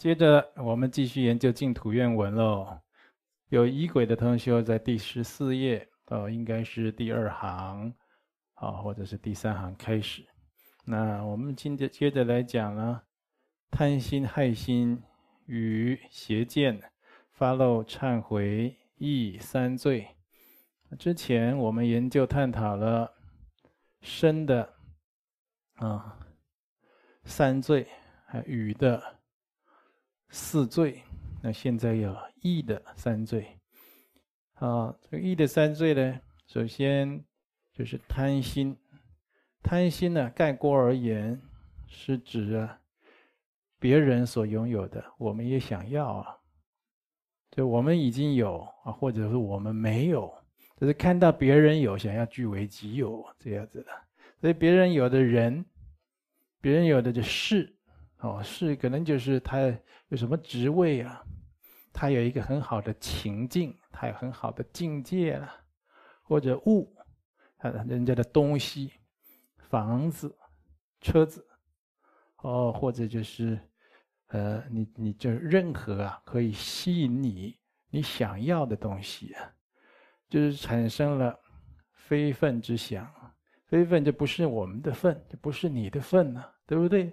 接着我們繼續研究《淨土願文》嘍。有儀軌的同學在第十四頁哦，應該是第二行，好、哦，或者是第三行開始。那我們今天接着來講了貪心、害心與邪見，發露懺悔，意三罪。之前我們研究探討了身的啊、哦、三罪，還有語的。四罪，那現在有意的三罪。啊，這個意的三罪呢，首先就是貪心。貪心呢，啊，概括而言，是指啊，別人所擁有的，我們也想要啊。就我們已經有啊，或者是我們沒有，就是看到別人有，想要據為己有這樣子的。所以，別人有的人，別人有的事。哦，是，可能就是他有什麼職位啊，他有一個很好的情境，他有很好的境界了，啊，或者物，啊，人家的東西、房子、車子，哦，或者就是，呃，你你就任何啊，可以吸引你你想要的東西啊，就是產生了非分之想，非分就不是我們的分，就不是你的分呢，啊，對不對？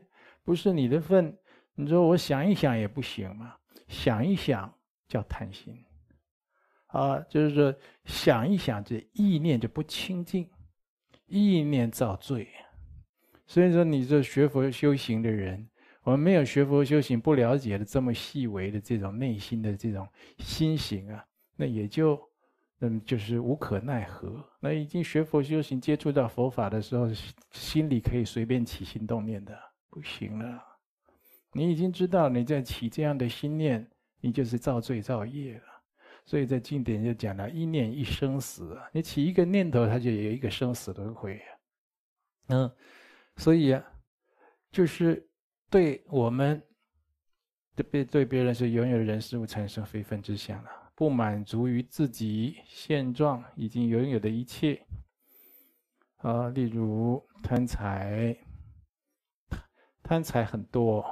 不是你的份，你說我想一想也不行嘛？想一想叫貪心，啊，就是說想一想這意念就不清淨，意念造罪。所以說，你這學佛修行的人，我們沒有學佛修行，不了解的這麼細微的這種內心的這種心行啊，那也就嗯，就是無可奈何。那已經學佛修行、接觸到佛法的時候，心裡可以隨便起心動念的。不行了！你已經知道你在起這樣的心念，你就是造罪造業了。所以在經典就講了“一念一生死”，你起一個念頭，它就有一個生死輪回。嗯，所以啊，就是對我們對別對別人所擁有的人事物產生非分之想了，不滿足於自己現狀已經擁有的一切啊，例如貪財。貪財很多，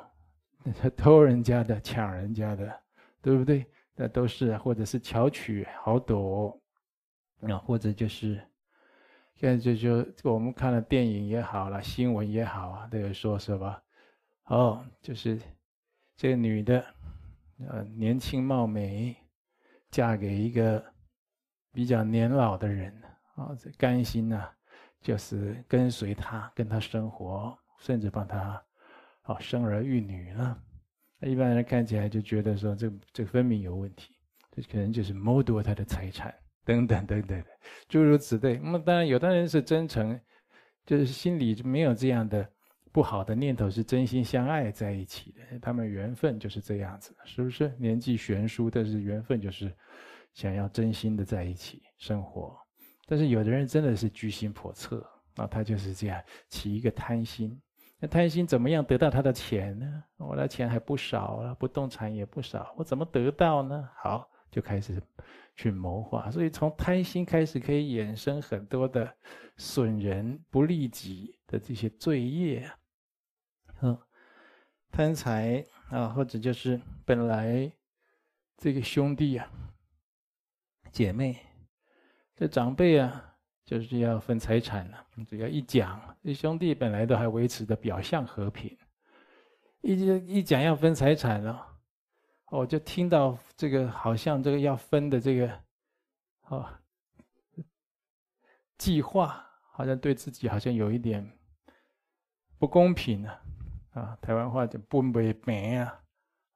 偷人家的、搶人家的，對不對？那都是，或者是巧取豪奪，啊、嗯，或者就是現在就就我們看了電影也好了，新聞也好啊，都有說是吧？哦，就是這個女的，呃，年輕貌美，嫁給一個比較年老的人啊、哦，甘心呢、啊，就是跟隨他，跟他生活，甚至幫他，好生兒育女呢一般人看起來就覺得說這這分明有問題，這可能就是謀奪他的財產等等等等諸如此類。那麼當然，有的人是真誠，就是心裡就沒有這樣的不好的念頭，是真心相愛在一起的。他們緣分就是這樣子，是不是？年紀懸殊，但是緣分就是想要真心的在一起生活。但是有的人真的是居心叵測啊，他就是這樣起一個貪心。貪心怎麼樣得到他的錢呢？我、哦、的錢還不少啊，不動產也不少，我怎麼得到呢？好，就開始去謀劃。所以從貪心開始，可以衍生很多的損人不利己的這些罪業啊。啊貪財啊，或者就是本來這個兄弟啊、姐妹、這長輩啊。就是要分財產了，只要一講，這兄弟本來都還維持的表象和平，一一講要分財產了，我就聽到這個好像這個要分的這個哦計劃，好像對自己好像有一點不公平了，啊，台灣話就分袂平啊，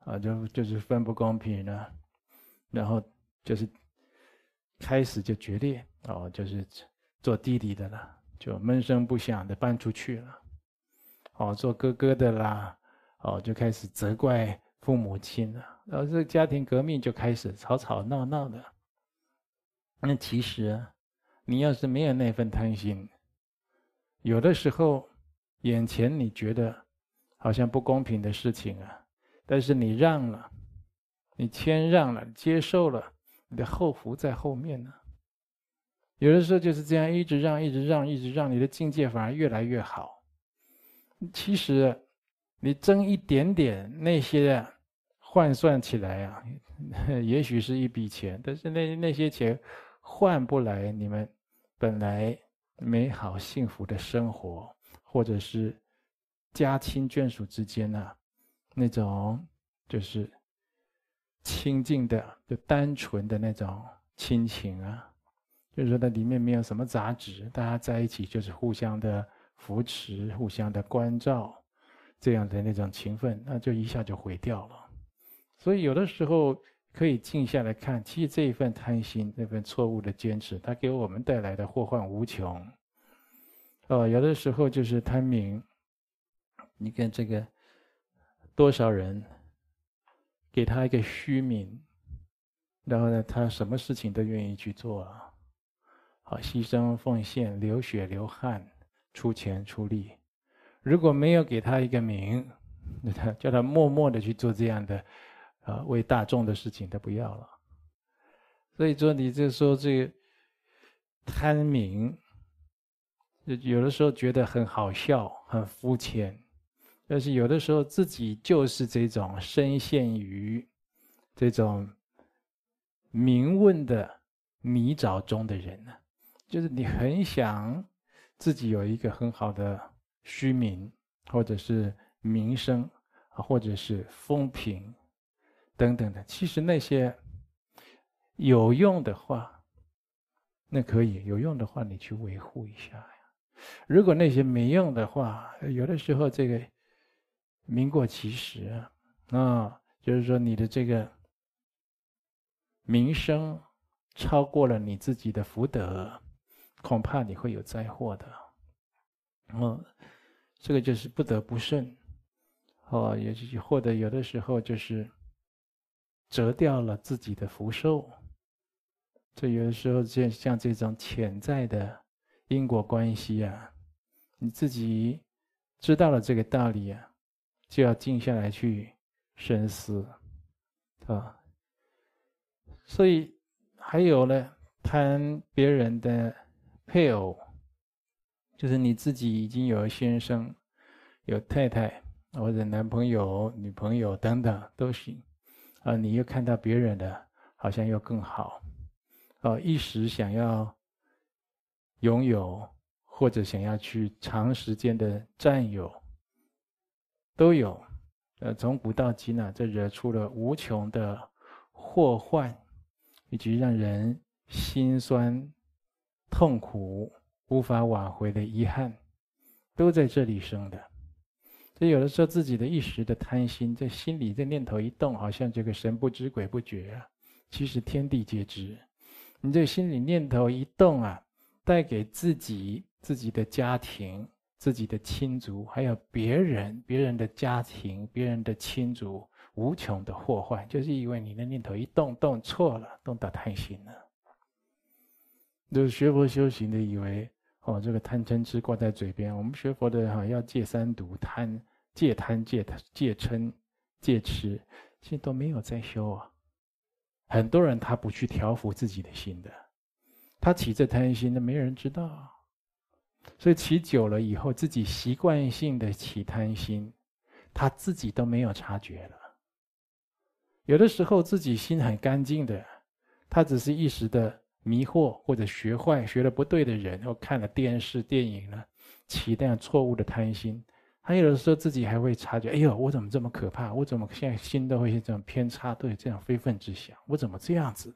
啊，就就是分不公平呢，然後就是開始就決裂哦，就是。做弟弟的啦，就悶聲不響的搬出去了。哦，做哥哥的啦，哦，就開始責怪父母親了。然、哦、後這個家庭革命就開始吵吵鬧鬧的。那、嗯、其實、啊，你要是沒有那份貪心，有的時候，眼前你覺得好像不公平的事情啊，但是你讓了，你謙讓了，接受了，你的後福在後面呢、啊。有的時候就是這樣，一直讓，一直讓，一直讓，你的境界反而越來越好。其實，你爭一點點那些，換算起來啊，也許是一筆錢，但是那那些錢換不來你們本來美好幸福的生活，或者是家親眷屬之間呢、啊、那種就是親近的、就單純的那種親情啊。就是說，它裡面沒有什麼雜質，大家在一起就是互相的扶持、互相的關照，這樣的那種情分，那就一下就毀掉了。所以，有的時候可以靜下來看，其實這一份貪心，那份錯誤的堅持，它給我們帶來的禍患無窮。哦，有的時候就是貪名，你看這個多少人給他一個虛名，然後呢，他什麼事情都願意去做啊。啊，犧牲奉獻，流血流汗，出錢出力。如果沒有給他一個名，叫他默默的去做這樣的，啊，為大眾的事情，他不要了。所以說，你就說這個貪名，有的時候覺得很好笑，很膚淺。但是有的時候自己就是這種深陷於這種名聞的泥沼中的人呢，就是你很想自己有一個很好的虛名，或者是名聲，或者是風評等等的。其實那些有用的話，那可以有用的話，你去維護一下呀。如果那些沒用的話，有的時候這個名過其實啊，啊，就是說你的這個名聲超過了你自己的福德。恐怕你會有災禍的，然後、嗯、這個就是不得不慎，哦，也或者有的時候就是折掉了自己的福壽，這有的時候像像這種潛在的因果關係啊，你自己知道了這個道理啊，就要靜下來去深思，啊、哦，所以還有呢，貪別人的。配偶，就是你自己已經有先生、有太太或者男朋友、女朋友等等都行，啊，你又看到別人的好像又更好，哦，一時想要擁有或者想要去長時間的占有，都有，呃，從古到今呢、啊，這惹出了無窮的禍患，以及讓人心酸、痛苦、無法挽回的遺憾，都在這裡生的。所以有的時候自己的一時的貪心，在心裡這念頭一動，好像這個神不知鬼不覺啊。其實天地皆知，你這心裡念頭一動啊，帶給自己、自己的家庭、自己的親族，還有別人、別人的家庭、別人的親族，無窮的禍患。就是因為你的念頭一動，動錯了，動到貪心了。就是學佛修行的，以為哦，這個貪嗔癡掛在嘴邊。我們學佛的哈、哦，要戒三毒，貪戒貪戒戒嗔戒癡，戒，癡戒癡，現在都沒有在修啊。很多人他不去調伏自己的心的，他起這貪心的，那沒人知道。所以起久了以後，自己習慣性的起貪心，他自己都沒有察覺了。有的時候自己心很乾淨的，他只是一時的。迷惑或者學壞、學了不對的人，然後看了電視、電影呢，起那樣錯誤的貪心；還有的時候自己還會察覺：哎呦，我怎麼這麼可怕？我怎麼現在心都會是這種偏差，都有這樣非分之想？我怎麼這樣子呢？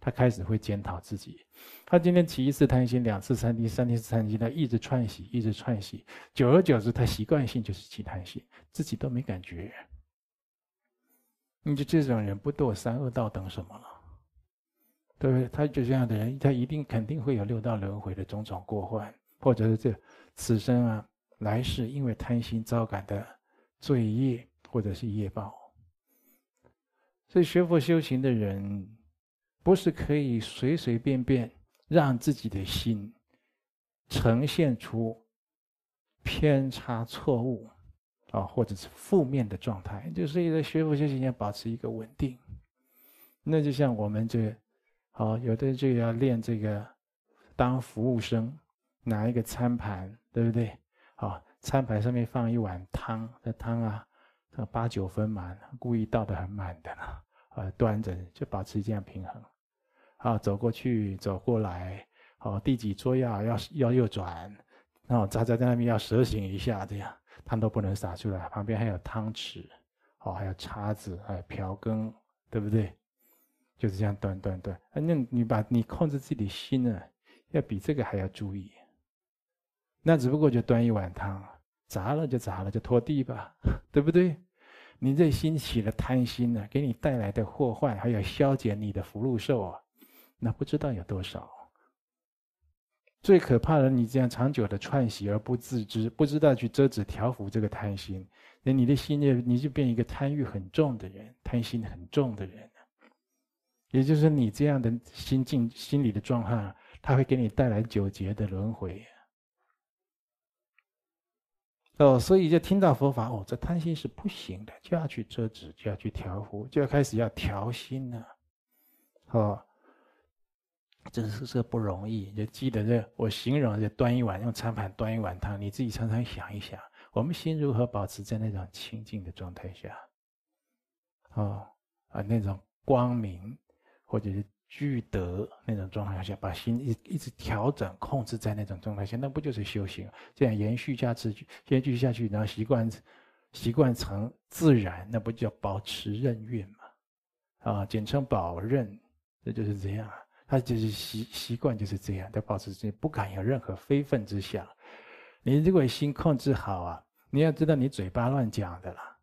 他開始會檢討自己。他今天起一次貪心，兩次、三次、三次貪心，他一直串習，一直串習，久而久之，他習慣性就是起貪心，自己都沒感覺。你就這種人，不墮三惡道，等什麼了？對不對？他就這樣的人，他一定肯定會有六道輪迴的種種過患，或者是這此生啊、來世因為貪心招感的罪業，或者是業報。所以學佛修行的人，不是可以隨隨便便讓自己的心呈現出偏差、錯誤啊、哦，或者是負面的狀態。就是在學佛修行要保持一個穩定，那就像我們這。好，有的人就要練這個，當服務生，拿一個餐盤，對不對？好，餐盤上面放一碗湯，那湯啊，八九分滿，故意倒得很滿的，呃，端着就保持這樣平衡，好，走過去，走過來，哦，第幾桌要要要右轉，然後雜在在那邊要蛇行一下，這樣湯都不能灑出來。旁邊還有湯匙，哦，還有叉子，還有瓢羹，對不對？就是這樣端端端，那你把你控制自己的心呢、啊，要比這個還要注意。那只不過就端一碗湯，砸了就砸了，就拖地吧，對不對？你這心起了貪心呢、啊，給你帶來的禍患還有消減你的福祿壽啊，那不知道有多少。最可怕的，你這樣長久的串習而不自知，不知道去遮止調伏這個貪心，那你的心就你就變一個貪欲很重的人，貪心很重的人。也就是你這樣的心境、心理的狀態，它會給你帶來九劫的輪迴。哦，所以就聽到佛法，哦，這貪心是不行的，就要去遮止，就要去調伏，就要開始要調心了。哦，真是這是不容易。就記得這，我形容就端一碗用餐盤端一碗湯，你自己常常想一想，我們心如何保持在那種清淨的狀態下？哦啊，那種光明，或者是具德那種狀態下，把心一直一，一直調整、控制在那種狀態下，那不就是修行？這樣延續下去，延續下去，然後習慣習慣成自然，那不叫保持任運嗎？啊，簡稱保任，這就是這樣。他就是習習慣就是這樣，他保持這不敢有任何非分之想。你如果心控制好啊，你要知道你嘴巴亂講的啦，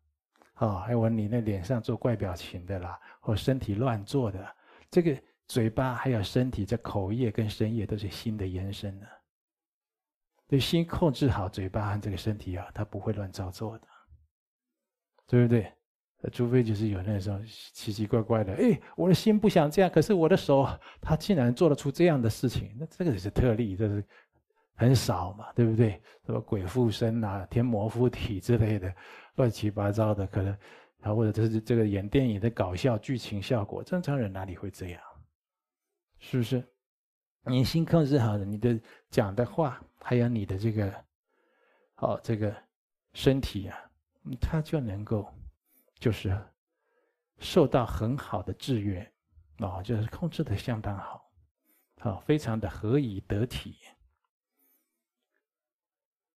啊、哦，還、哎、有你那臉上做怪表情的啦，或身體亂做的。這個嘴巴還有身體，這口業跟身業都是心的延伸的、啊。對，心控制好嘴巴和這個身體啊，它不會亂造作的，對不對？除非就是有那種奇奇怪怪的，哎，我的心不想這樣，可是我的手它竟然做得出這樣的事情，那這個也是特例，這是很少嘛，對不對？什麼鬼附身啊、天魔附體之類的，亂七八糟的可能。啊，或者這是這個演電影的搞笑劇情效果，正常人哪裡會這樣？是不是？你心控制好了，你的講的話，還有你的這個，哦，這個身體啊，他就能夠，就是受到很好的制約，啊，就是控制得相當好，啊，非常的合宜得體。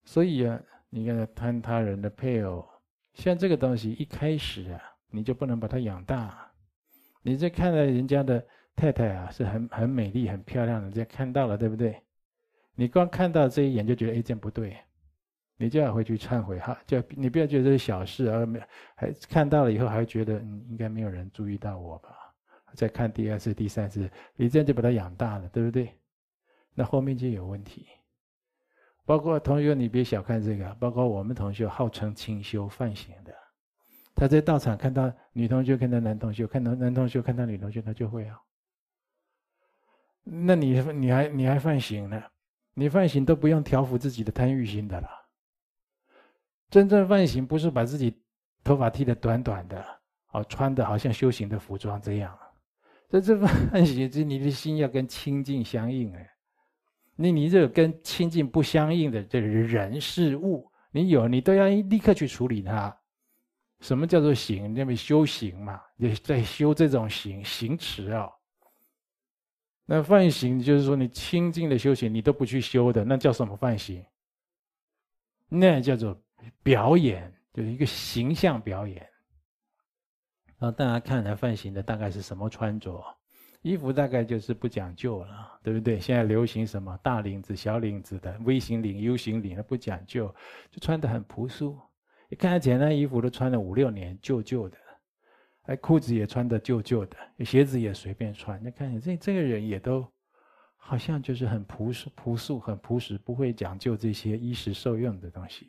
所以啊，你看貪他人的配偶，像這個東西一開始啊，你就不能把它養大。你這看到人家的太太啊，是很很美麗、很漂亮的，這看到了，對不對？你光看到這一眼就覺得哎，這樣不對，你就要回去懺悔哈，就你不要覺得這是小事而沒還看到了以後還會覺得嗯，應該沒有人注意到我吧？再看第二次、第三次，你這樣就把它養大了，對不對？那後面就有問題。包括同學，你別小看這個、啊。包括我們同學號稱清修梵行的，他在道場看到女同學，看到男同學，看到男同學看到女同學，他就會啊。那你你還你還梵行呢？你梵行都不用調伏自己的貪欲心的了。真正梵行不是把自己頭髮剃得短短的，哦，穿得好像修行的服裝這樣、啊。在這梵行，就你的心要跟清淨相應哎、啊。那你這個跟清淨不相應的這個人事物，你有你都要立刻去處理它。什麼叫做行？你那麼修行嘛，也在修這種行行持啊、哦。那梵行就是說你清淨的修行你都不去修的，那叫什麼梵行？那叫做表演，就是一個形象表演。啊，大家看看梵行的大概是什麼穿着。衣服大概就是不講究了，對不對？現在流行什麼大領子、小領子的、V 型領、U 型領，不講究，就穿得很樸素。你看他簡單，衣服都穿了五六年，舊舊的。哎，褲子也穿得舊舊的，鞋子也隨便穿。你看，這這個人也都好像就是很樸素、樸素、很樸實，不會講究這些衣食受用的東西。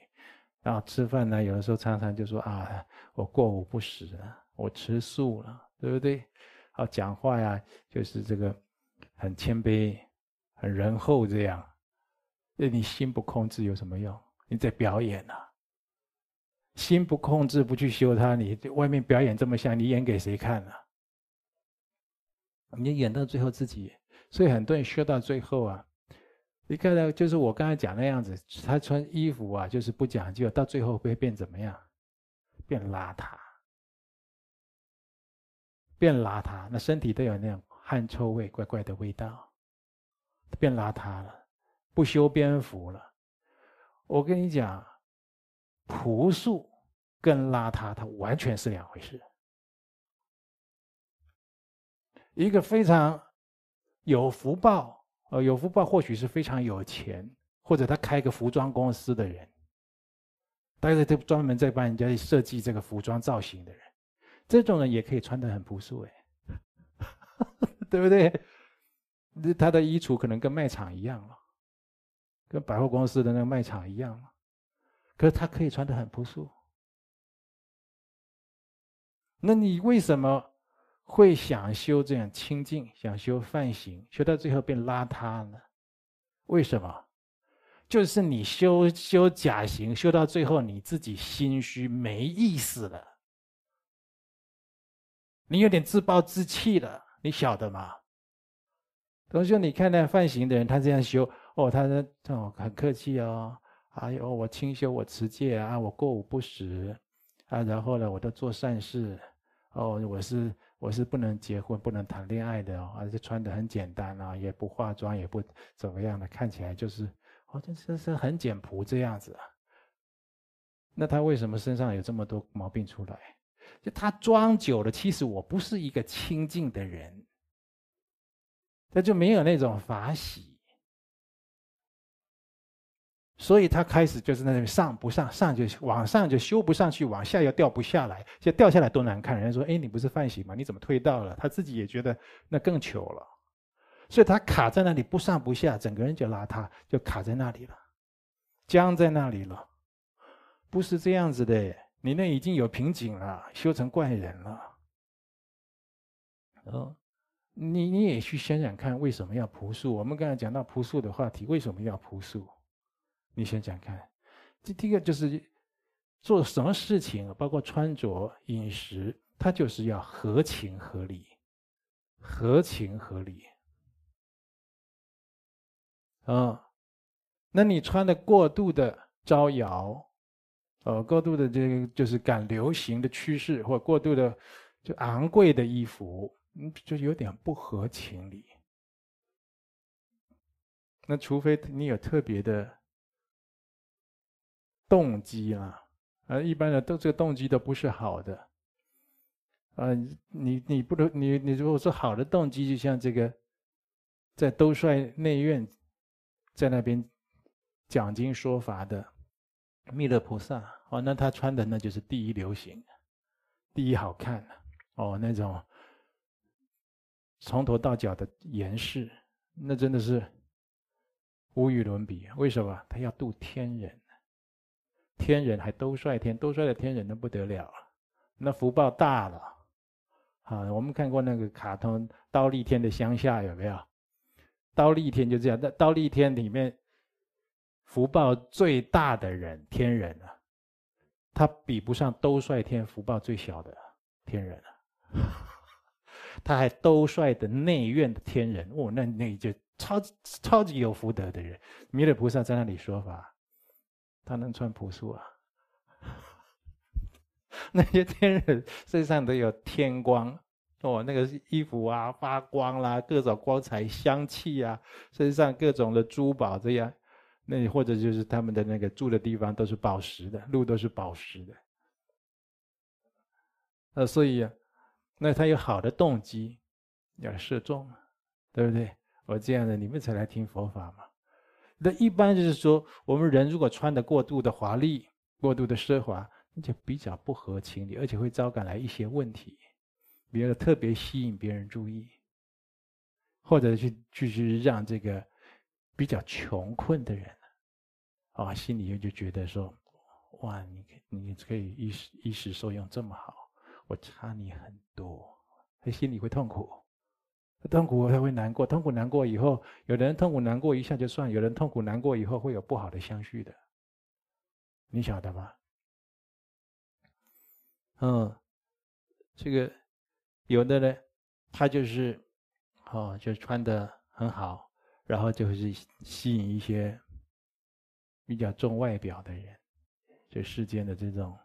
然後吃飯呢，有的時候常常就說啊，我過午不食了，我吃素了，對不對？好講話呀，就是這個很謙卑、很仁厚這樣。那你心不控制有什麼用？你在表演吶、啊。心不控制，不去修它，你外面表演這麼像，你演給誰看呢、啊？你演到最後自己。所以很多人修到最後啊，你看到就是我剛才講的那樣子，他穿衣服啊就是不講究，到最後會變怎麼樣？變邋遢。變邋遢，那身體都有那種汗臭味，怪怪的味道，變邋遢了，不修邊幅了。我跟你講，樸素跟邋遢，它完全是兩回事。一個非常有福報，呃，有福報或許是非常有錢，或者他開個服裝公司的人，但是他專門在幫人家設計這個服裝造型的人。這種人也可以穿的很樸素，哎，對不對？他的衣櫥可能跟賣場一樣了，跟百貨公司的那個賣場一樣了。可是他可以穿的很樸素。那你為什麼會想修這樣清淨，想修梵行，修到最後變邋遢呢？為什麼？就是你修修假行，修到最後你自己心虛，沒意思了。你有點自暴自棄了，你曉得嗎，同學？你看那梵行的人，他這樣修哦，他這哦，很客氣哦，啊喲，我清修，我持戒啊，我過午不食啊，然後呢，我都做善事哦，我是我是不能結婚、不能談戀愛的哦，而且穿得很簡單啊，也不化妝，也不怎麼樣的，看起來就是哦，就是是很簡樸這樣子啊。那他為什麼身上有這麼多毛病出來？就他裝久了，其實我不是一個清淨的人，他就沒有那種法喜，所以他開始就是那種上不上，上就往上就修不上去，往下又掉不下來，就掉下來多難看。人家說：“哎，你不是犯喜嗎？你怎麼退道了？”他自己也覺得那更糗了，所以他卡在那裡不上不下，整個人就邋遢，就卡在那裡了，僵在那裡了，不是這樣子的。你那已經有瓶頸了，修成怪人了。嗯，你你也去想想看，為什麼要樸素？我們剛才講到樸素的話題，為什麼要樸素？你想想看，這第一個就是做什麼事情，包括穿着、飲食，它就是要合情合理，合情合理。嗯，那你穿的過度的招搖，呃、哦，過度的這個就是趕流行的趨勢，或者過度的就昂貴的衣服，嗯，就有點不合情理。那除非你有特別的動機啊，啊，一般的都這個動機都不是好的。啊、呃，你你不能，你你如果說好的動機，就像這個在兜率內院在那邊講經說法的。彌勒菩薩哦，那他穿的那就是第一流行，第一好看哦，那種從頭到腳的嚴飾，那真的是無與倫比。為什麼？他要度天人，天人還兜率天，兜率的天人都不得了，那福報大了。啊，我們看過那個卡通《忉利天的鄉下》有沒有？忉利天就這樣，那忉利天裡面。福報最大的人天人啊，他比不上兜率天福報最小的、啊、天人啊，他還兜率的內院的天人哦，那那就超超級有福德的人，彌勒菩薩在那裡說法，他能穿樸素啊？那些天人身上都有天光哦，那個衣服啊發光啦、啊，各種光彩、香氣啊，身上各種的珠寶這樣。那你或者就是他們的那個住的地方都是寶石的，路都是寶石的，那所以、啊，那他有好的動機要射中、啊，對不對？我這樣的你們才來聽佛法嘛。那一般就是說，我們人如果穿得過度的華麗、過度的奢華，那就比較不合情理，而且會招感來一些問題，比如特別吸引別人注意，或者去繼續讓這個比較窮困的人。啊、哦，心裡就覺得說，哇，你你可以一時一時受用這麼好，我差你很多，他、哎、心裡會痛苦，痛苦他會難過，痛苦難過以後，有的人痛苦難過一下就算，有人痛苦難過以後會有不好的相續的，你曉得嗎？嗯，這個有的呢，他就是，哦，就穿得很好，然後就是吸引一些。比較重外表的人，就世間的這種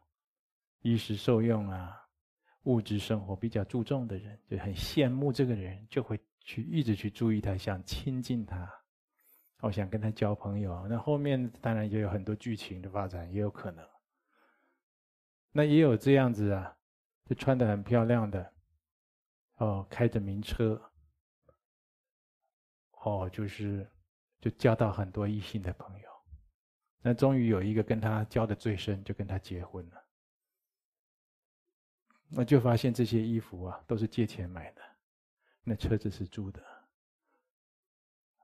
衣食受用啊，物質生活比較注重的人，就很羨慕這個人，就會去一直去注意他，想親近他，哦，我想跟他交朋友，那後面當然也有很多劇情的發展，也有可能。那也有這樣子啊，就穿得很漂亮的，哦，開着名車，哦，就是就交到很多異性的朋友。那終於有一個跟他交的最深，就跟他結婚了。我就發現這些衣服啊，都是借錢買的，那車子是租的。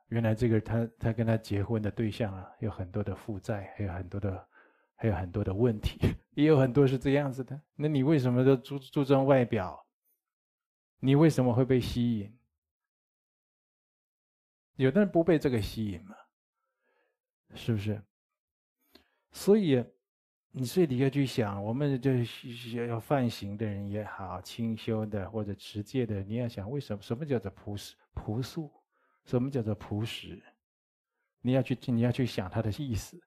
原來這個他，他跟他結婚的對象啊，有很多的負債，還有很多的，還有很多的問題，也有很多是這樣子的。那你為什麼都注注重外表？你為什麼會被吸引？有的人不被這個吸引嘛？是不是？所以，所以你私底下去想，我們就是要要梵行的人也好，清修的或者持戒的，你要想為什麼？什麼叫做樸實樸素？什麼叫做樸實？你要去你要去想它的意思。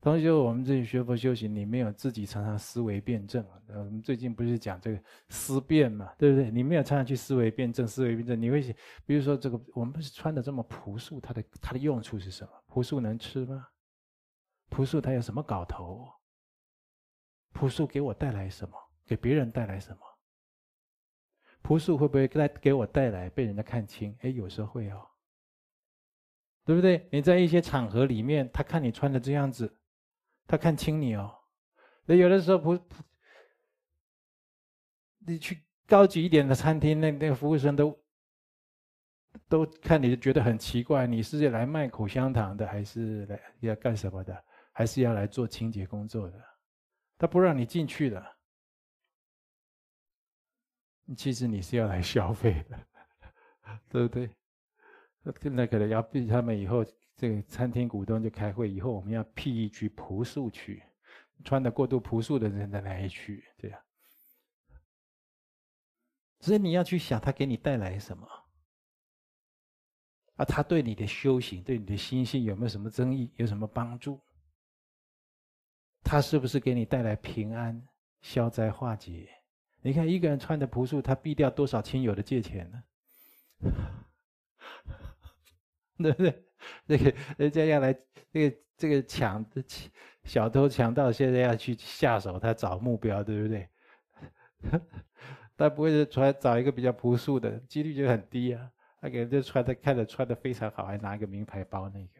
同時，我們這些學佛修行，你沒有自己常常思維辯證。我、嗯、們最近不是講這個思辨嘛，對不對？你沒有常常去思維辯證，思維辯證，你會比如說這個，我們是穿的這麼樸素，它的它的用處是什麼？樸素能吃嗎？樸素他有什麼搞頭？樸素給我帶來什麼？給別人帶來什麼？樸素會不會帶給我帶來被人家看輕？哎，有時候會哦，對不對？你在一些場合裡面，他看你穿的這樣子，他看輕你哦。有的時候樸你去高級一點的餐廳，那那個服務生都都看你覺得很奇怪，你是來賣口香糖的，還是來要幹什麼的？還是要來做清潔工作的，他不讓你進去了。其實你是要來消費的，對不對？那現在可能要逼他們以後，這個餐廳股東就開會，以後我們要闢一區樸素區，穿得過度樸素的人的來去，這樣。所以你要去想，他給你帶來什麼？啊，他對你的修行，對你的心性有沒有什麼爭議？有什麼幫助？他是不是給你帶來平安、消災化解？你看一個人穿的樸素，他避掉多少親友的借錢呢？對不對？那個人家要來，那個這個搶的小偷強盜，現在要去下手，他找目標，對不對？他不會是出來找一個比較樸素的，幾率就很低啊。他給人家穿的看着穿的非常好，還拿一個名牌包那個。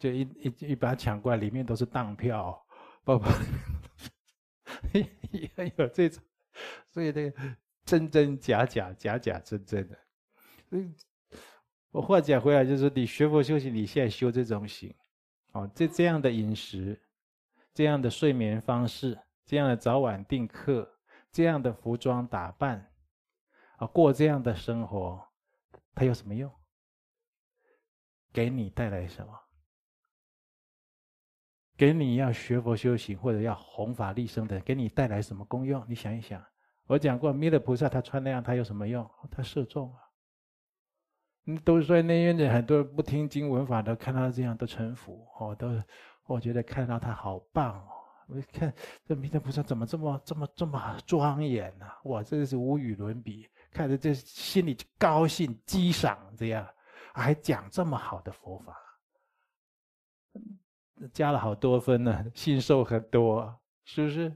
就一一一把搶過來，裡面都是當票，包括有 有這種，所以這個真真假假，假假真真的。所以我話講回來，就是你學佛修行，你現在修這種行，哦，這這樣的飲食、這樣的睡眠方式、這樣的早晚定課、這樣的服裝打扮，啊，過這樣的生活，它有什麼用？給你帶來什麼？給你要學佛修行或者要弘法利生的，給你帶來什麼功用？你想一想，我講過彌勒菩薩他穿那樣，他有什麼用？他攝眾啊。嗯，都是說那院子很多不聽經聞法的，看到這樣都臣服哦，都我覺得看到他好棒哦。我一看這彌勒菩薩怎麼這麼這麼這麼,這麼莊嚴啊，哇，真的是無與倫比，看着這心裡高興、激賞這樣，還講這麼好的佛法。加了好多分呢，信受很多，是不是？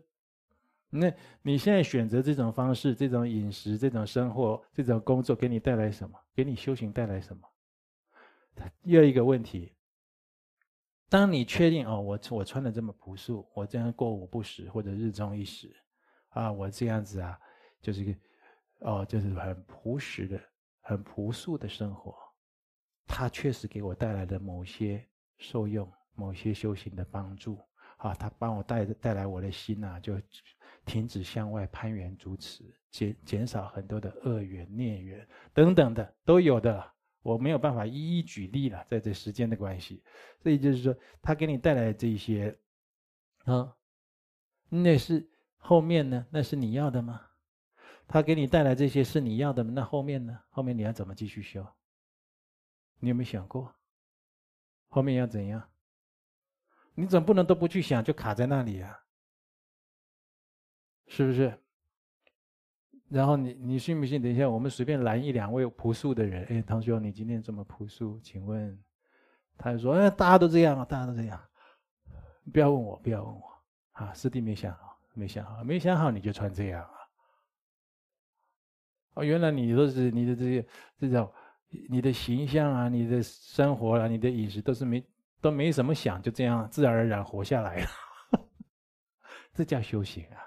那你現在選擇這種方式、這種飲食、這種生活、這種工作，給你帶來什麼？給你修行帶來什麼？又一個問題：當你確定哦，我我穿的這麼樸素，我這樣過午不食或者日中一食，啊，我這樣子啊，就是個哦，就是很樸實的、很樸素的生活，它確實給我帶來了某些受用。某些修行的幫助啊，他幫我帶帶來我的心吶、啊，就停止向外攀緣、主持，減減少很多的惡緣、孽緣等等的，都有的。我沒有辦法一一舉例了，在這時間的關係。所以就是說，他給你帶來這些，啊，那是後面呢？那是你要的嗎？他給你帶來這些是你要的嗎？那後面呢？後面你要怎麼繼續修？你有沒有想過後面要怎樣？你總不能都不去想就卡在那裡啊。是不是？然後你你信不信？等一下我們隨便攔一兩位樸素的人，哎，同學你今天這麼樸素，請問？他就說，哎，大家都這樣啊，大家都這樣。不要問我，不要問我啊，師弟沒想好，沒想好，沒想好你就穿這樣啊？哦，原來你都是你的這些這種，你的形象啊，你的生活啊，你的飲食都是沒。都沒什麼想，就這樣自然而然活下來了， 這叫修行啊！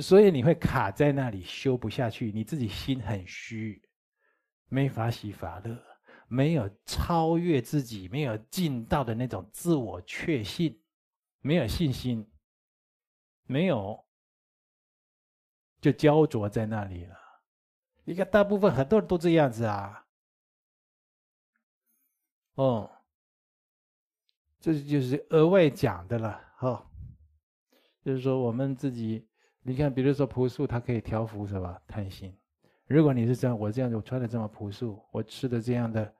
所以你會卡在那裡，修不下去。你自己心很虛，沒法喜，法樂，沒有超越自己，沒有進道的那種自我確信，沒有信心，沒有，就焦灼在那裡了。你看，大部分很多人都這樣子啊，哦、嗯。這就是額外講的了，哈，就是說我們自己，你看，比如說樸素，它可以調伏什麼，貪心，如果你是這樣，我這樣子我穿的這麼樸素，我吃的這樣的，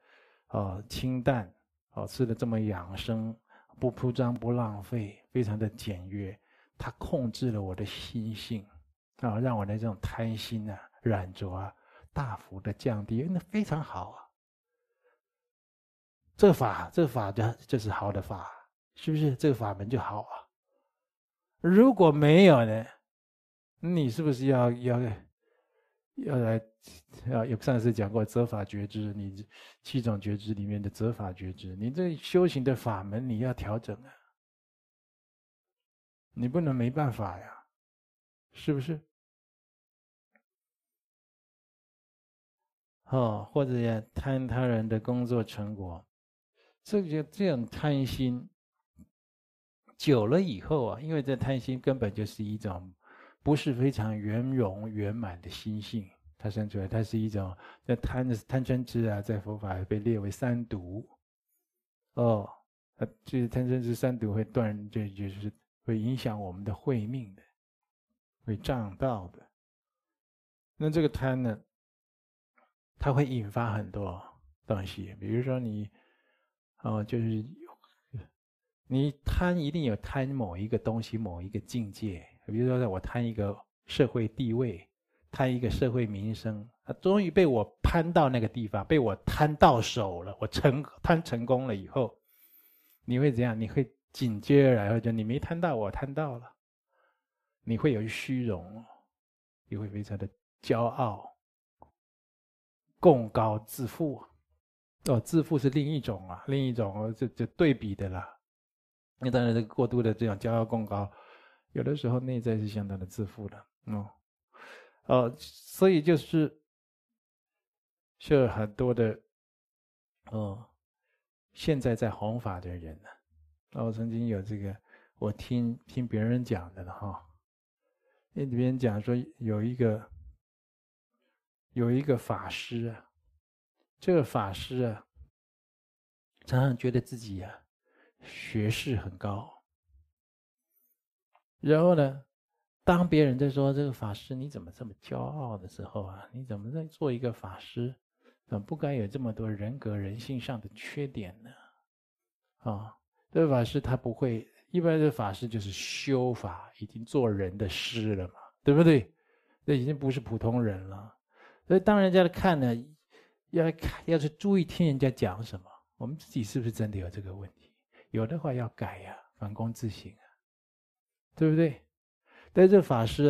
啊，清淡，啊，吃的這麼養生，不鋪張，不浪費，非常的簡約，它控制了我的心性，啊，讓我的這種貪心啊，染著啊，大幅的降低，那非常好啊。這個法，這個法就就是好的法，是不是？這個法門就好啊。如果沒有呢，你是不是要要要來？要，有上次講過，擇法覺知，你七種覺知裡面的擇法覺知，你這修行的法門你要調整啊。你不能沒辦法呀，是不是？哦，或者貪他人的工作成果。這個這樣貪心久了以後啊，因為這貪心根本就是一種不是非常圓融圓滿的心性，它生出來，它是一種這貪的貪嗔癡啊，在佛法被列為三毒。哦，就是貪嗔癡三毒會斷，這就是會影響我們的慧命的，會障道的。那這個貪呢，它會引發很多東西，比如說你。哦、嗯，就是你貪，一定有貪某一個東西、某一個境界。比如說，我貪一個社會地位，貪一個社會名聲，啊，終於被我貪到那個地方，被我貪到手了，我成貪成功了以後，你會怎樣？你會緊接着來，然後就你沒貪到，我貪到了，你會有虛榮，你會非常的驕傲，貢高自負。哦，自負是另一種啊，另一種哦，這這對比的啦。那當然，這過度的這種驕傲貢高，有的時候內在是相當的自負的。哦、嗯，哦、呃，所以就是，是很多的，哦、嗯，現在在弘法的人呢、啊，那我曾經有這個，我聽聽別人講的了哈。那別人講說有一個，有一個法師啊。這個法師啊，常常覺得自己呀、啊、學識很高。然後呢，當別人在說這個法師你怎麼這麼驕傲的時候啊，你怎麼在做一個法師，怎麼不該有這麼多人格人性上的缺點呢？啊、哦，這個法師他不會，一般的法師就是修法已經做人的師了嘛，對不對？這已經不是普通人了，所以當人家的看呢。要看，要去注意聽人家講什麼，我們自己是不是真的有這個問題？有的話要改呀、啊，反躬自省啊，對不對？但是這法師，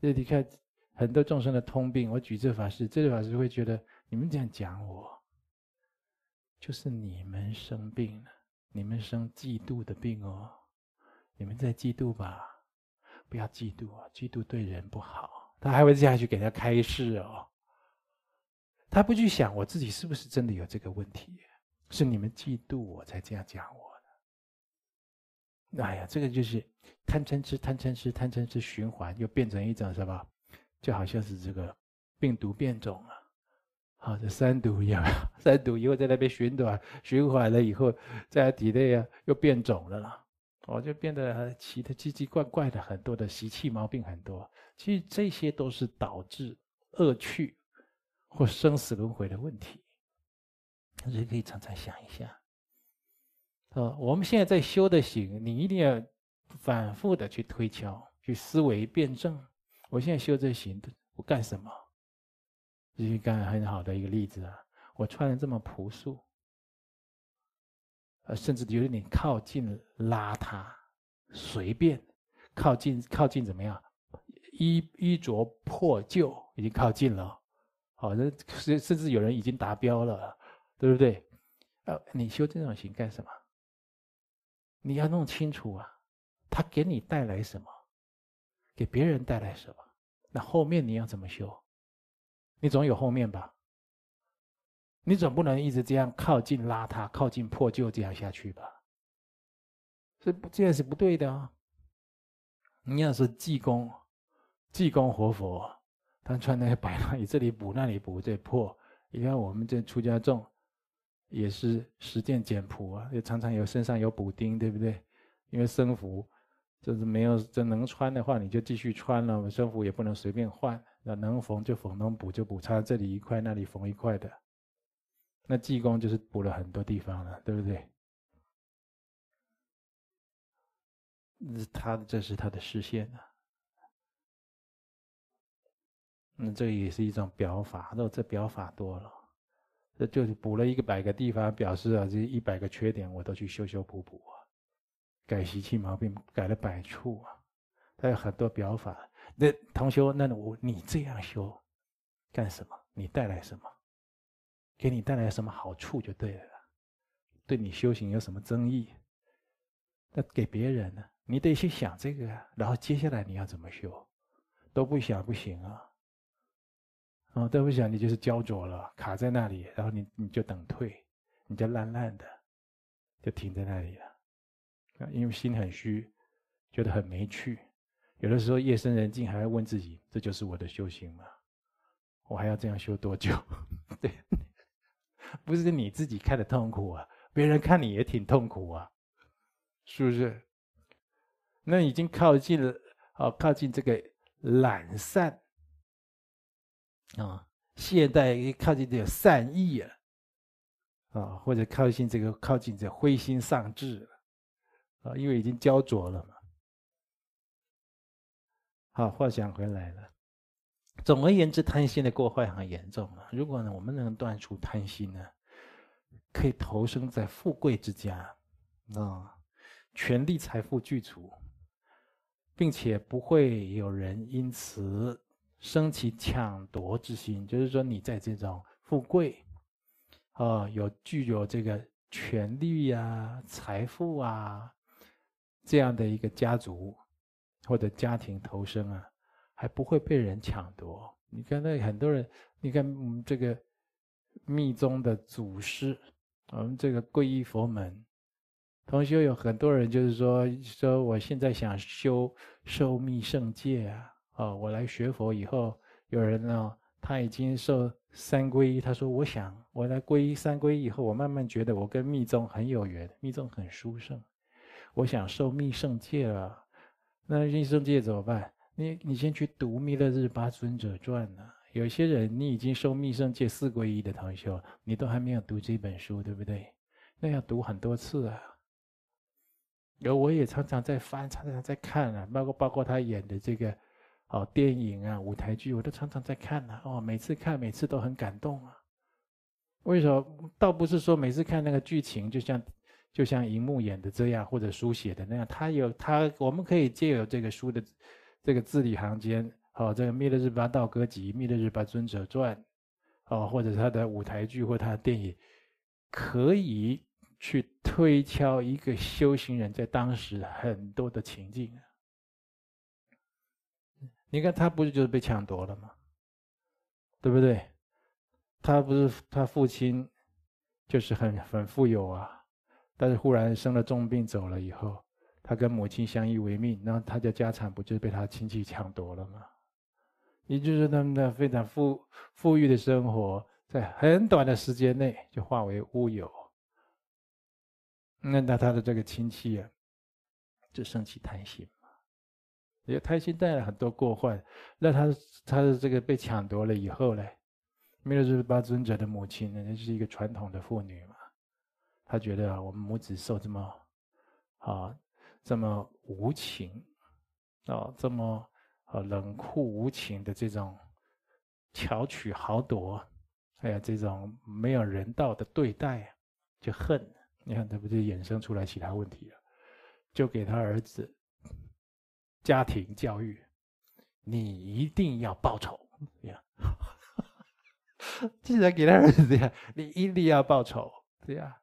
這你看很多眾生的通病，我舉這法師，這法師會覺得你們這樣講我，就是你們生病了，你們生嫉妒的病哦，你們在嫉妒吧？不要嫉妒啊、哦，嫉妒對人不好。他還會這樣去給他開示哦。他不去想我自己是不是真的有這個問題，是你們嫉妒我才這樣講我的。哎呀，這個就是貪嗔痴、貪嗔痴、貪嗔痴循環，又變成一種什麼，就好像是這個病毒變種啊，好，這三毒有沒三毒以後在那邊旋轉循環了以後，在體內啊又變種了啦，我就變得奇的奇奇怪怪的，很多的習氣毛病很多。其實這些都是導致惡趣。或生死輪迴的問題，所以可以常常想一下。啊，我們現在在修的行，你一定要反覆的去推敲、去思維、辯證。我現在修這行，我幹什麼？一個很好的一個例子啊，我穿的這麼樸素，甚至有點靠近邋遢、隨便，靠近靠近怎麼樣？衣衣着破舊，已經靠近了。好，人甚甚至有人已經達標了，對不對？呃，你修這種行幹什麼？你要弄清楚啊，他給你帶來什麼，給別人帶來什麼？那後面你要怎麼修？你總有後面吧？你總不能一直這樣靠近邋遢、靠近破舊這樣下去吧？這這樣是不對的啊、哦！你要是濟公，濟公活佛。他穿那些白了，你這裡補那裡補，這破。你看我們這出家眾，也是實踐簡樸啊，也常常有身上有補丁，對不對？因為僧服，就是沒有，這能穿的話你就繼續穿了。我們僧服也不能隨便換，那能縫就縫，能補就補，差這裡一塊那裡縫一塊的。那濟公就是補了很多地方了，對不對？他這是他的示現啊。那、嗯、這也是一種表法，那這表法多了，這就是補了一個百個地方，表示啊，這一百個缺點我都去修修補補啊，改習氣毛病改了百處啊，他有很多表法。那同修，那我你這樣修幹什麼？你帶來什麼？給你帶來什麼好處就對了。對你修行有什麼爭議？那給別人呢？你得去想這個、啊，然後接下來你要怎麼修，都不想不行啊。哦，對不起啊，你就是焦灼了，卡在那裡，然後你你就等退，你就爛爛的，就停在那裡了啊！因為心很虛，覺得很沒趣，有的時候夜深人靜還會問自己：這就是我的修行嗎？我還要這樣修多久？ 對， 不是你自己看的痛苦啊，別人看你也挺痛苦啊，是不是？那已經靠近了哦，靠近這個懶散。哦、現代啊，懈怠靠近點有善了，啊，或者靠近這個靠近這灰心喪志了、啊，啊、哦，因為已經焦灼了嘛。好，話講回來了。總而言之，貪心的過患很嚴重啊。如果呢，我們能斷除貪心呢，可以投生在富貴之家，啊、哦，權利財富具足，並且不會有人因此，生起搶奪之心，就是說，你在這種富貴，啊、哦，有具有這個權利啊、財富啊這樣的一個家族或者家庭投生啊，還不會被人搶奪。你看那很多人，你看我們這個密宗的祖師，我們這個皈依佛門同學有很多人，就是說說我現在想修受密聖戒啊。哦，我來學佛以後，有人呢，哦，他已經受三皈依，他說：“我想我來皈依三皈依以後，我慢慢覺得我跟密宗很有緣，密宗很殊勝，我想受密聖戒了。那密聖戒怎麼辦？你你先去讀《密勒日巴尊者傳》呢，有些人你已經受密聖戒四皈依的同學，你都還沒有讀這本書，對不對？那要讀很多次啊。而，哦，我也常常在翻，常常在看啊，包括包括他演的這個。哦，電影啊，舞台劇我都常常在看呢，啊。哦，每次看，每次都很感動啊。為什麼？倒不是說每次看那個劇情，就像就像熒幕演的這樣，或者書寫的那樣。他有他，我們可以借由這個書的這個字裡行間，哦，這個《密勒日巴道歌集》《密勒日巴尊者傳》，哦，或者他的舞台劇或他的電影，可以去推敲一個修行人在當時很多的情境。你看他不是就是被搶奪了嗎？對不對？他不是，他父親就是很很富有啊，但是忽然生了重病走了以後，他跟母親相依為命，然後他的家產不就是被他親戚搶奪了嗎？也就是他們的非常富富裕的生活，在很短的時間內就化為烏有。那那他的這個親戚呀、啊，就生起貪心。也貪心帶了很多過患，那他他的這個被搶奪了以後呢，密勒日巴尊者的母親呢，那是一個傳統的婦女嘛，她覺得我們母子受這麼啊這麼無情啊這麼啊冷酷無情的這種巧取豪奪，還有這種沒有人道的對待，就恨，你看這不就衍生出來其他問題了，就給他兒子。家庭教育，你一定要報仇，呀、yeah. 既然給他兒子這樣，你一定要報仇，對呀。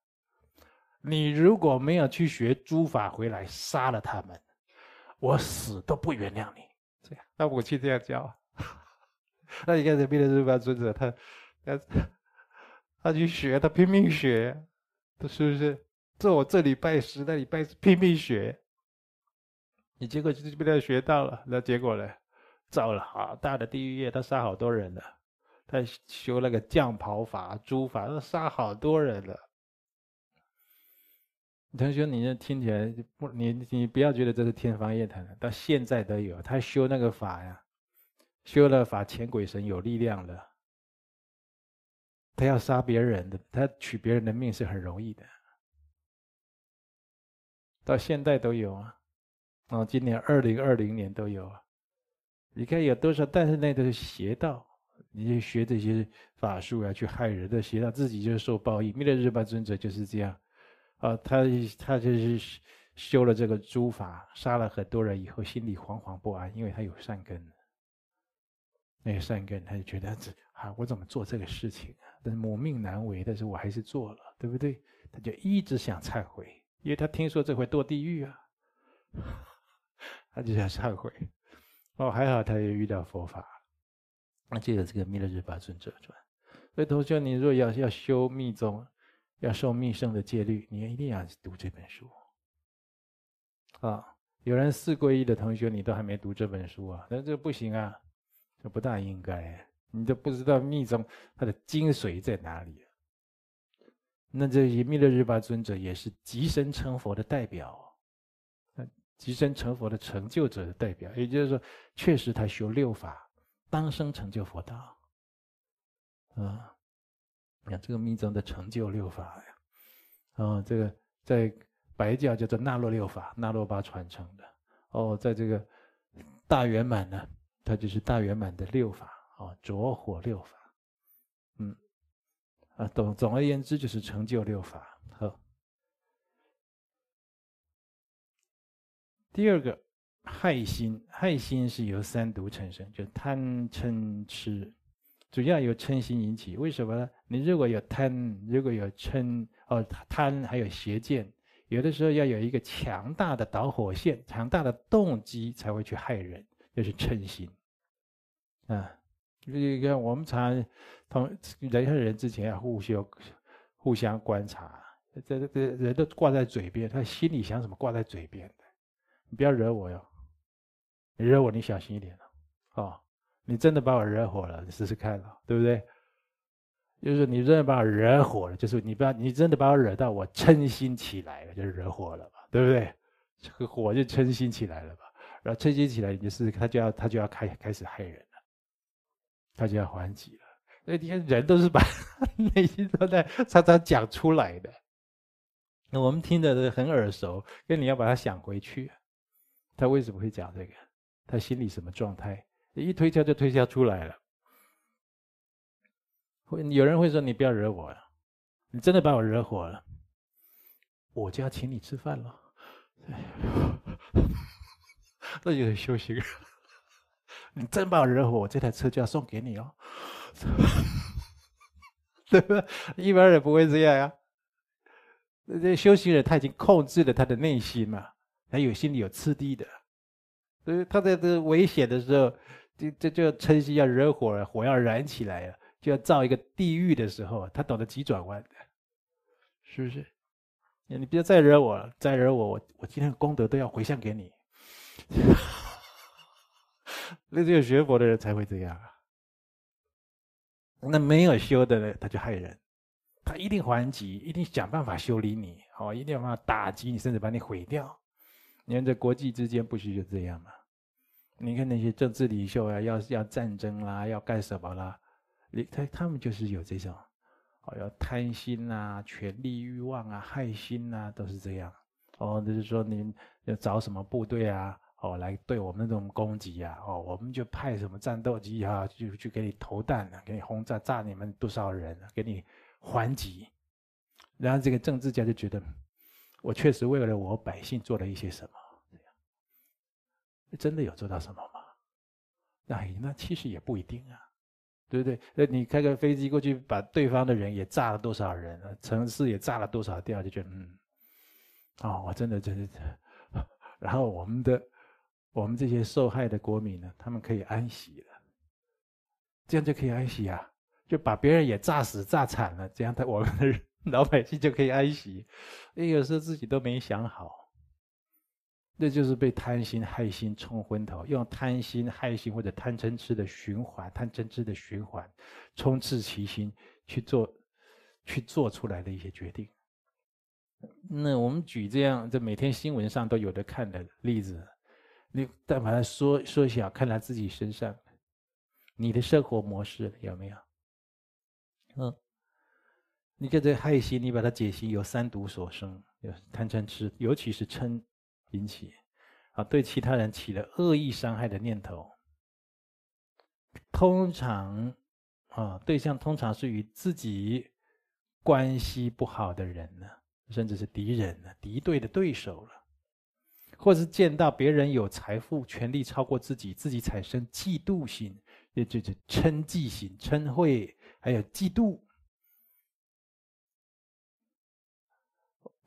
你如果沒有去學誅法回來殺了他們，我死都不原諒你，yeah. 這樣、啊。那母親這樣教，那你看這邊的日巴尊者，他，他，他去學，他拼命學，他是不是？這我這裡拜師，那裡拜，拼命學。你結果就被他學到了，那結果呢？造了好大的地獄業，他殺好多人了。他修那個降袍法、誅法，他殺好多人了。同學，你這聽起來不，你你不要覺得這是天方夜譚了。到現在都有，他修那個法呀，修了法，遣鬼神，有力量了。他要殺別人的，他取別人的命是很容易的。到現在都有啊。啊，今年二零二零年都有啊，你看有多少？但是那都是邪道，你就學這些法術啊，去害人的邪道，自己就受報應。密勒日巴尊者就是這樣，啊，他他就是修了這個誅法，殺了很多人以後，心裡惶惶不安，因為他有善根，那個善根他就覺得這啊，我怎麼做這個事情？啊？但是母命難違，但是我還是做了，對不對？他就一直想懺悔，因為他聽說這會墮地獄啊。他就想懺悔，哦，還好他也遇到佛法，啊，那這個這個密勒日巴尊者傳。所以同學，你若要要修密宗，要受密乘的戒律，你一定要讀這本書。啊，有人四皈依的同學，你都還沒讀這本書啊？那這不行啊，這不大應該，啊。你都不知道密宗它的精髓在哪裡，啊。那這密勒日巴尊者也是即身成佛的代表。即生成佛的成就者的代表，也就是說，確實他修六法，當生成就佛道。啊，你看這個密宗的成就六法呀，啊、哦，這個在白教叫做那洛六法，那洛巴傳承的。哦，在這個大圓滿呢，它就是大圓滿的六法，啊，拙火六法，嗯，啊，總總而言之就是成就六法，好。第二個害心，害心是由三毒產生，就貪、嗔、痴，主要由嗔心引起。為什麼呢？你如果有貪，如果有嗔，哦，貪還有邪見，有的時候要有一個強大的導火線，強大的動機才會去害人，就是嗔心。啊，你看，我們常同人和人之間互相互相觀察，這這人都掛在嘴邊，他心裡想什麼掛在嘴邊。你不要惹我喲、哦！你惹我，你小心一點哦，哦。你真的把我惹火了，你試試看吧、哦，對不對？就是你真的把我惹火了，就是你不要，你真的把我惹到我嗔心起來了，就是惹火了嘛，對不對？這個火就嗔心起來了吧？然後嗔心起來，你就是他就要他就要開開始害人了，他就要還擊了。那天人都是把內心都在常常講出來的，那我們聽着很耳熟，因為你要把它想回去。他為什麼會講這個？他心裡什麼狀態？一推銷就推銷出來了。會有人會說：“你不要惹我呀，你真的把我惹火了，我就要請你吃飯了。那就是修行人。你真把我惹火，我這台車就要送給你哦。 對不對？一般人不會這樣呀、啊。這修行人他已經控制了他的內心嘛。他有心裡有次第的，所以他在這危險的時候，就就就嗔心要惹火，火要燃起來了，就要造一個地獄的時候，他懂得急轉彎，是不是？你不要再惹我，再惹我，我我今天功德都要回向給你。那只有學佛的人才會這樣啊，那沒有修的人他就害人，他一定還擊，一定想辦法修理你，哦，一定要辦法打擊你，甚至把你毀掉。你看，在國際之間不就這樣嗎？你看那些政治領袖啊，要要戰爭啦，要幹什麼啦？你他他們就是有這種哦，要貪心啊，權力欲望啊，害心啊，都是這樣。哦，就是說你要找什麼部隊啊，哦，來對我們這種攻擊啊，哦，我們就派什麼戰鬥機啊，就去給你投彈，啊，給你轟炸，炸你們多少人，啊，給你還擊。然後這個政治家就覺得。我確實為了我百姓做了一些什麼這樣？真的有做到什麼嗎？那那其實也不一定啊，對不對？那你開個飛機過去，把對方的人也炸了多少人，城市也炸了多少掉，就覺得嗯，哦，我真的真的。然後我們的我們這些受害的國民呢，他們可以安息了，這樣就可以安息啊？就把別人也炸死炸慘了，這樣他，我們的人。老百姓就可以安息。有時候自己都沒想好，那就是被貪心、害心沖昏頭，用貪心、害心或者貪嗔癡的循環、貪嗔癡的循環，充斥其心去做、去做出來的一些決定。那我們舉這樣，這每天新聞上都有的看的例子，你再把它縮縮小，看他自己身上，你的生活模式有沒有？嗯。你看這個害心，你把它解析有三毒所生，有貪嗔癡，尤其是嗔引起啊，對其他人起了惡意傷害的念頭。通常啊，對象通常是與自己關係不好的人呢，甚至是敵人了，敵對的對手了，或者是見到別人有財富、權力超過自己，自己產生嫉妒心，也就是嗔嫉心、嗔恚還有嫉妒。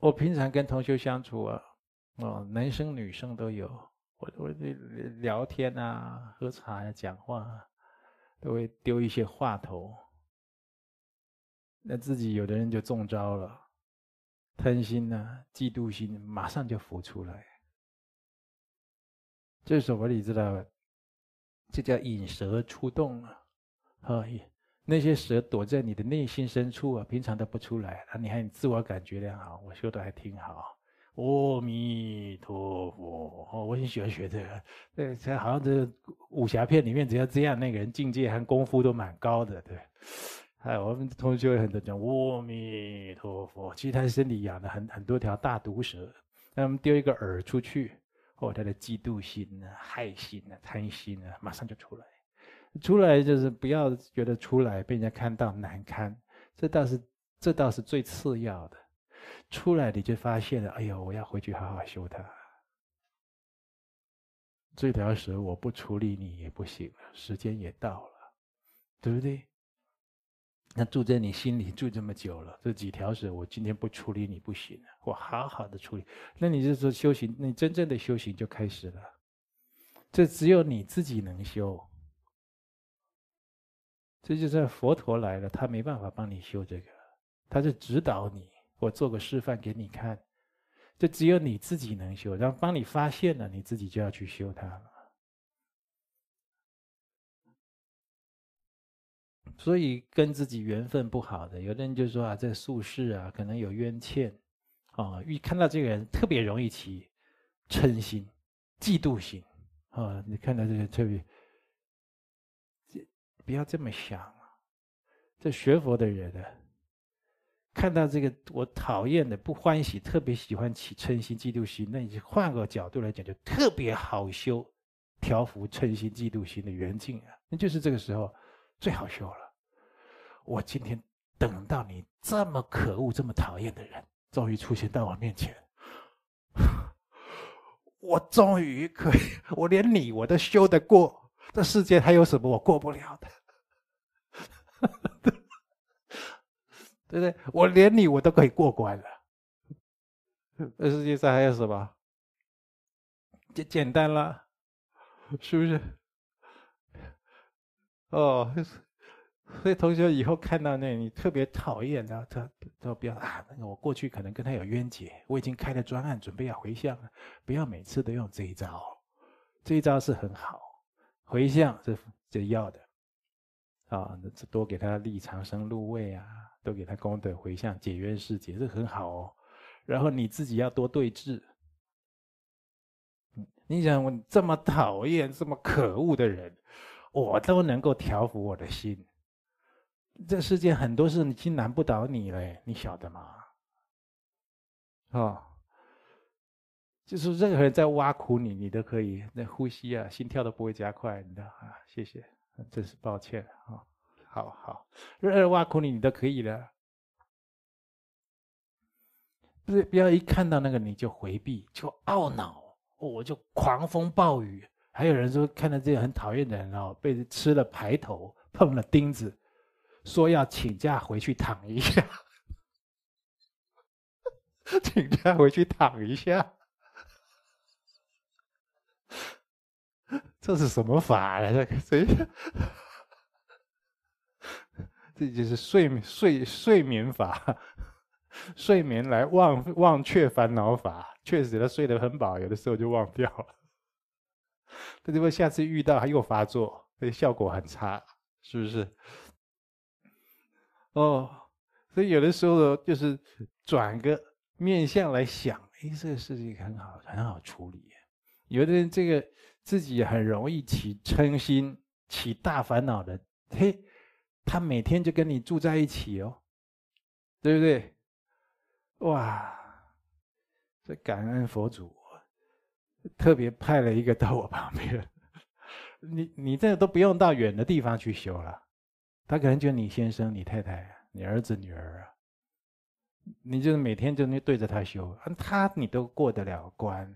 我平常跟同學相處啊，哦，男生女生都有，我我這聊天啊、喝茶啊、講話、啊，都會丟一些話頭。那自己有的人就中招了，貪心啊，嫉妒心馬上就浮出來。這是什麼？你知道嗎？這叫引蛇出洞啊，那些蛇躲在你的內心深處啊，平常都不出來。啊，你看你自我感覺良好，我修得還挺好。阿、哦、彌陀佛，我很喜歡學這個。對，才好像這武俠片裡面，只要這樣，那個人境界和功夫都蠻高的。對，還我們同學很多講阿彌陀佛，其實他身體養了很很多條大毒蛇。那我們丟一個餌出去，哦，他的嫉妒心啊、害心啊、貪心啊，馬上就出來。出來就是不要覺得出來被人家看到難堪，這倒是這倒是最次要的。出來你就發現了，哎呦，我要回去好好修它。這條蛇我不處理你也不行了，時間也到了，對不對？那住在你心裡住這麼久了，這幾條蛇我今天不處理你不行了，我好好的處理。那你就說修行，你真正的修行就開始了。這只有你自己能修。這就算佛陀來了，他沒辦法幫你修這個，他就指導你，我做個示範給你看，就只有你自己能修，然後幫你發現了，你自己就要去修它了。所以跟自己緣分不好的，有的人就說啊，在宿世啊，可能有冤欠，啊、哦，一看到這個人特別容易起嗔心、嫉妒心，啊、哦，你看到這個特別。不要這麼想啊！這學佛的人呢、啊，看到這個我討厭的、不歡喜、特別喜歡起嗔心、嫉妒心，那你就換個角度來講，就特別好修調伏嗔心、嫉妒心的緣境啊！那就是這個時候最好修了。我今天等到你這麼可惡、這麼討厭的人終於出現在我面前，我終於可以，我連你我都修得過。這世界還有什麼我過不了的？ 對不對？我連你我都可以過關了。這世界上還有什麼？就簡單了，是不是？哦，所以同學以後看到那你特別討厭，然後他都不要啊！我過去可能跟他有冤結，我已經開了專案，準備要回向了，不要每次都用這一招。這一招是很好。迴向是這，這要的啊，哦、這多給他立長生祿位啊，多給他功德迴向解冤釋結，這很好。哦。然後你自己要多對治你，你想我這麼討厭、這麼可惡的人，我都能夠調伏我的心，這世界很多事已經難不倒你了，你曉得嗎？啊、哦。就是任何人在挖苦你，你都可以，那呼吸啊，心跳都不會加快，你知道啊，謝謝，真是抱歉啊、哦，好好，任何人挖苦你，你都可以的。不是，不要一看到那個你就回避，就懊惱、哦，我就狂風暴雨。還有人說看到這個很討厭的人哦，被人吃了排頭，碰了釘子，說要請假回去躺一下， 請假回去躺一下。這是什麼法呀？啊？這個、這就是睡睡睡眠法，睡眠來忘忘卻煩惱法。確實，他睡得很飽，有的時候就忘掉了。他如果下次遇到他又發作，那效果很差，是不是？哦，所以有的時候呢就是轉個面向來想，哎，這個事情很好，很好處理。有的人這個自己很容易起嗔心、起大煩惱的，嘿，他每天就跟你住在一起哦，對不對？哇，這感恩佛祖，特別派了一個到我旁邊，你你這都不用到遠的地方去修了，他可能就你先生、你太太、你兒子、女兒啊，你就是每天就對着他修，他你都過得了關。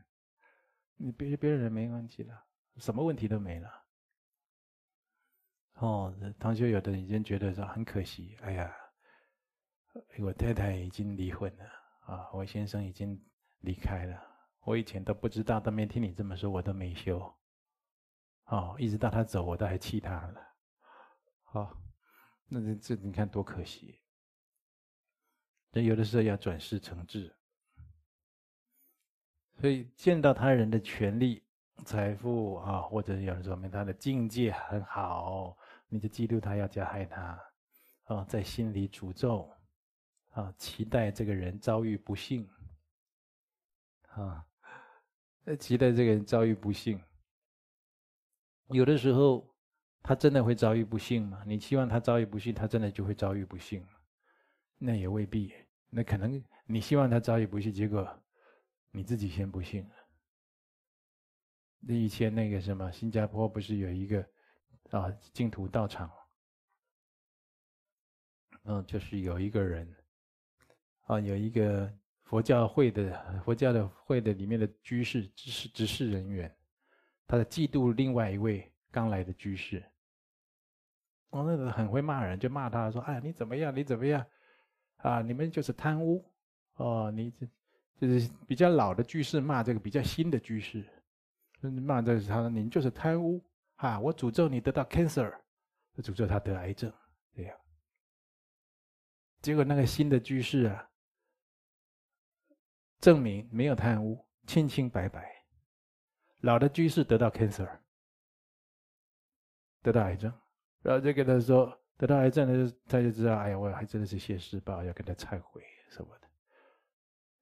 你別別人人沒關係了，什麼問題都沒了。哦，同修有的已經覺得說很可惜，哎呀，我太太已經離婚了啊、哦，我先生已經離開了，我以前都不知道，都沒聽你這麼說，我都沒修。哦，一直到他走，我都還氣他了。好，那這你看多可惜。人有的時候要轉識成智。所以見到他人的權利、財富啊，或者有人說明他的境界很好，你就嫉妒他，要加害他，啊，在心裡詛咒，啊，期待這個人遭遇不幸，啊，呃，期待這個人遭遇不幸。有的時候，他真的會遭遇不幸嗎？你希望他遭遇不幸，他真的就會遭遇不幸嗎？那也未必，那可能你希望他遭遇不幸，結果。你自己先不信。那以前那個什麼，新加坡不是有一個啊淨土道場？嗯，就是有一個人啊，有一個佛教會的佛教的會的裡面的居士、執事、執事人員，他在嫉妒另外一位剛來的居士。哦，那個很會罵人，就罵他說：“哎，你怎麼樣？你怎麼樣？啊，你們就是貪污哦，你就是比較老的居士罵這個比較新的居士，罵這個，他說你就是貪污啊！我詛咒你得到 cancer，詛咒他得癌症。對呀，結果那個新的居士啊，證明沒有貪污，清清白白。老的居士得到 cancer，得到癌症，然後就跟他說得到癌症了，他就知道哎呀，我還真的是現世報，要跟他懺悔什麼的。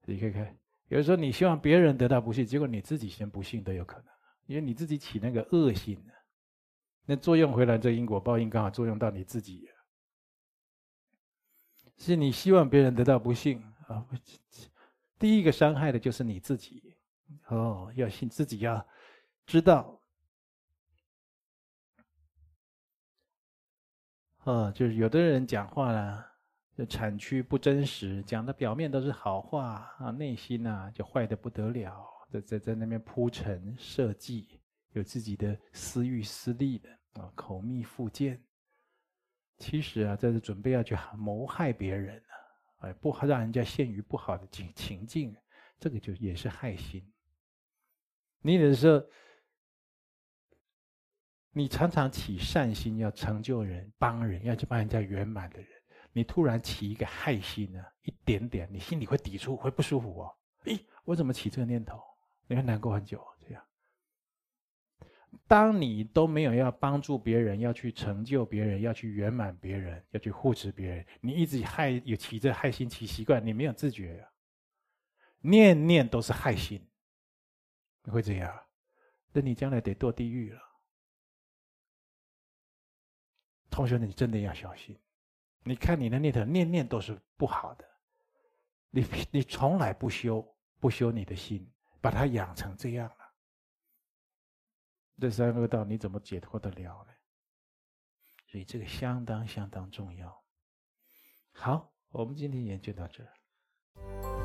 你可以看看，有時候你希望別人得到不幸，結果你自己先不幸都有可能，因為你自己起那個惡心的，那作用回來，這因果報應剛好作用到你自己。是你希望別人得到不幸啊，第一個傷害的就是你自己。哦，要信自己，要知道，哦，就是有的人講話啦。就產區不真實，講的表面都是好話啊，內心呢、啊、就壞的不得了，在在在那邊鋪陳設計，有自己的私欲私利的啊，口蜜腹劍。其實啊，這是準備要去謀害別人呢、啊，不好讓人家陷於不好的情情境，這個就也是害心。你有的時候，你常常起善心，要成就人、幫人，要去幫人家圓滿的人。你突然起一個害心啊，一點點，你心裡會抵觸，會不舒服哦、啊。咦，我怎麼起這個念頭？你會難過很久、啊。這樣，當你都沒有要幫助別人，要去成就別人，要去圓滿別人，要去護持別人，你一直害有起這害心起習慣，你沒有自覺呀、啊，念念都是害心，你會這樣。那你將來得墮地獄了。同學，你真的要小心。你看你的念頭，念念都是不好的，你你從來不修，不修你的心，把它養成這樣了，這三惡道你怎麼解脫得了呢？所以這個相當相當重要。好，我們今天研究到這兒。